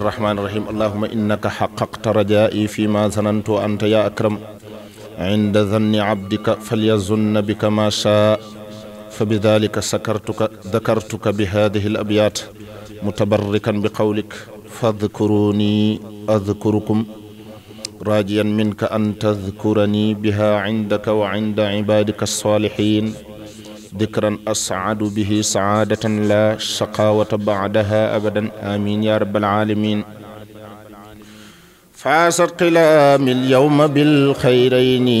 bismillahi irrahmani irrahim allahuma innaka xaqaqta rajai fi ma zanantu anta ya akram inda zanni abdika falyazunna bika ma shaa fa bidalika sakartuka dakartuka bi hadihi al abyat mutabarrikan bi qawlik fadkuruni adkurukum rajiyan minka an tadkurani biha indaka wa inda ibadika alsalihin dikran asaadu bihi saadatan la shaqaawata baadaha abadan amin ya rabbal alamin faasat xilaami alyawma bilxayrayni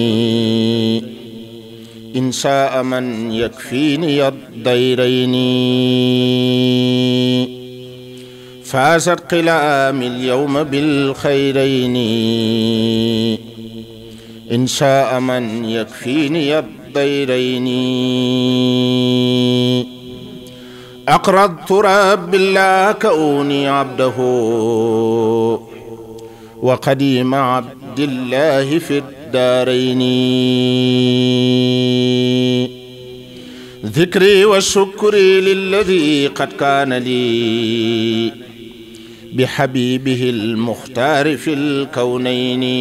in shaa man yakfiini ad-dayrayni faasat xilaami alyawma bilxayrayni in shaa man yakfiini الديرين أقرضت رب الله كوني عبده وقديم عبد الله في الدارين ذكري وشكري للذي قد كان لي بحبيبه المختار في الكونين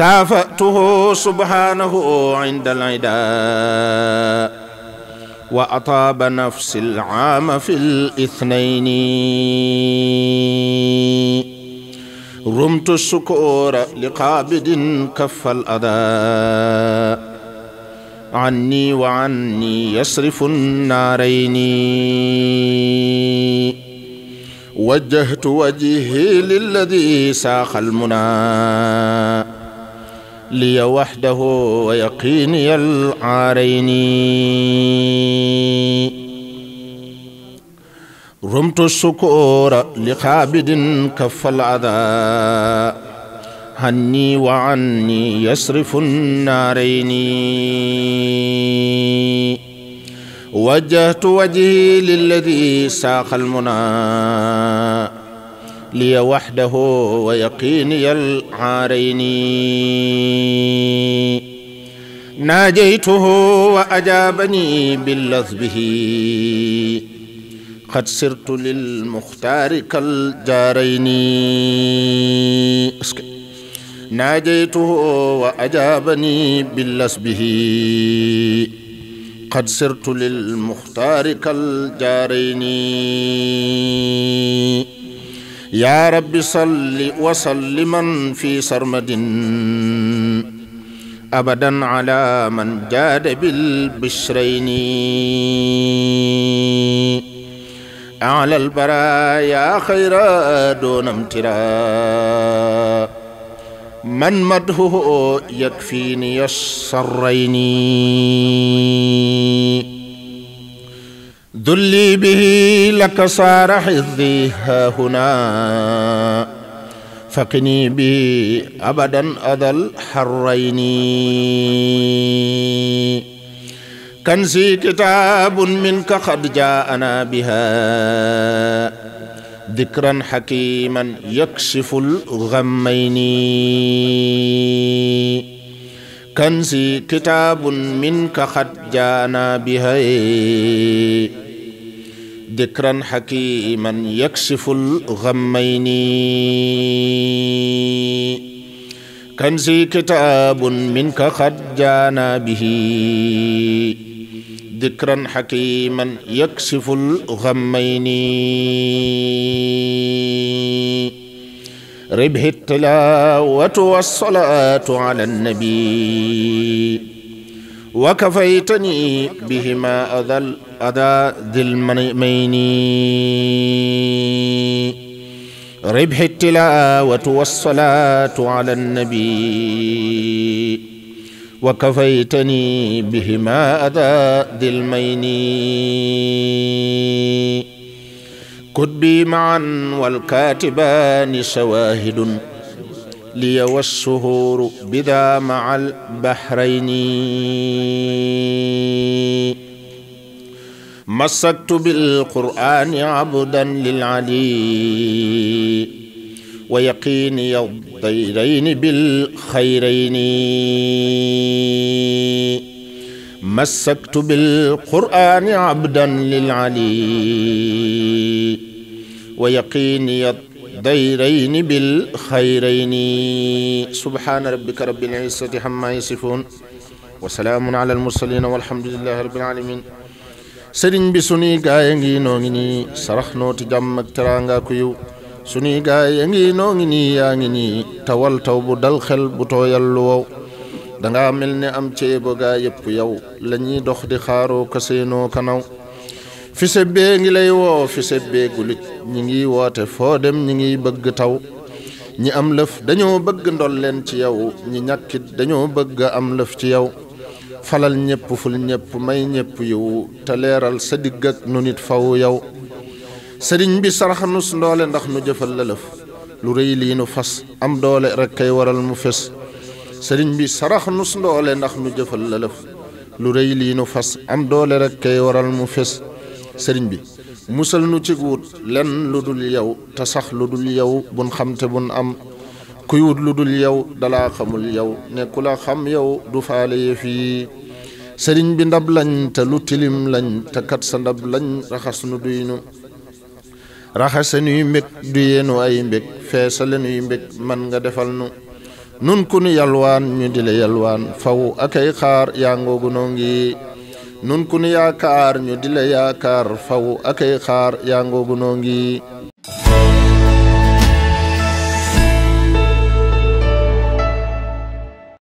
kaafatuhu subhaanahu inda al-idaa wa ataaba nafsi al-aama fi al-ithnayni rumtu sukuura li qaabidin kaffa al-adaa anni wa anni yasrifu an-naarayni wajjahtu wajhi lilladhi saaqa al-munaa لي وحده ويقيني العارين رمت الشكور لقابد كف العذا هني وعني يصرف النارين وجهت وجهي للذي ساق المنى liya waxdahu wa yaqiiniya alcaarayni ناجيته وأجابني باللذبه قد سرت للمختار كالجارين ناجيته وأجابني باللسبه قد سرت للمختار كالجارين yaa rabbi salli wa salliman fi sarmadin abadan ala man jaada bil bishrayni ala al baraya xayra doonam tira man madhuhu yakfini yassarrayni dulli bihi laka saara xiddi haa hunaa faqini bihi abadan adal xarrayni kansi kitaabun minka qad jaa'anaa bihaa dikran xakiiman yakshiful gammayni kansi kitaabun minka qad jaa'anaa bihaa ذكرا حكيما يكشف الغمين كنزي كتاب منك قد جانا به ذكرا حكيما يكشف الغمين ربه التلاوة والصلاة على النبي وكفيتني بهما أذل أدا ذي الميمين ربح التلاوة والصلاة على النبي وكفيتني بهما أدا ذي الميمين كتبي معا والكاتبان شواهد لي والشهور بذا مع البحرين masaktu bil qur'aani abdan lil ali wa yaqiini yawdayni bil xayrayni masaktu bil qur'aani abdan lil ali wa yaqiini yawdayni bil xayrayni subhaana rabbika rabbil izzati ammaa yasifuun wa salaamun alal mursaliin walhamdu lillaahi rabbil aalamiin sëriñ bi sunuy gaay a ngi noo ngi nii sarax nooti jàmm ak teraanga ku yiw sunuy gaay a ngi noo ngi nii yaa ngi nii tawal taw bu dal xel bu tooyal lu wow danga mel ni am ceebo gaa yëpp yow la dox di xaaroo ka seenoo kanaw fi sebbee ngi lay woo fi sebbee gulit ñi ngi woote foo dem ñi ngi bëgg taw ñi am lëf dañoo bëgg ndol leen ci yow ñi ñàkkit dañoo bëgg am lëf ci yow falal ñëpp ful ñëpp may ñëpp yiw te leeral sa digg ak nu nit faw yow sëriñ bi sarax nus ndoole ndax nu jëfal lëlëf lu rëy lii nu fas am doole rek kay waral mu fes sëriñ bi sarax ndoole ndax nu jëfal lëlëf lu rëy fas am doole kay waral mu fes sëriñ bi musal nu ci wut lenn lu dul yow te sax lu dul yow bun xam te bun am kuy wut lu dul yow dalaa xamul yow ne ku la xam yow du faale yëf yi sëriñ bi ndab lañ te lu tilim lañ te kat sa ndab lañ raxas nu duy nu raxase nuy mbég du yeenu ay mbég feesale nuy mbég man nga defal nu nun ku nu yalwaan ñu di la yalwaan faw akay xaar yaa ngoogu noo ngi nun ku nu yaakaar ñu di la yaakaar faw akay xaar yaa ngoogu noo ngi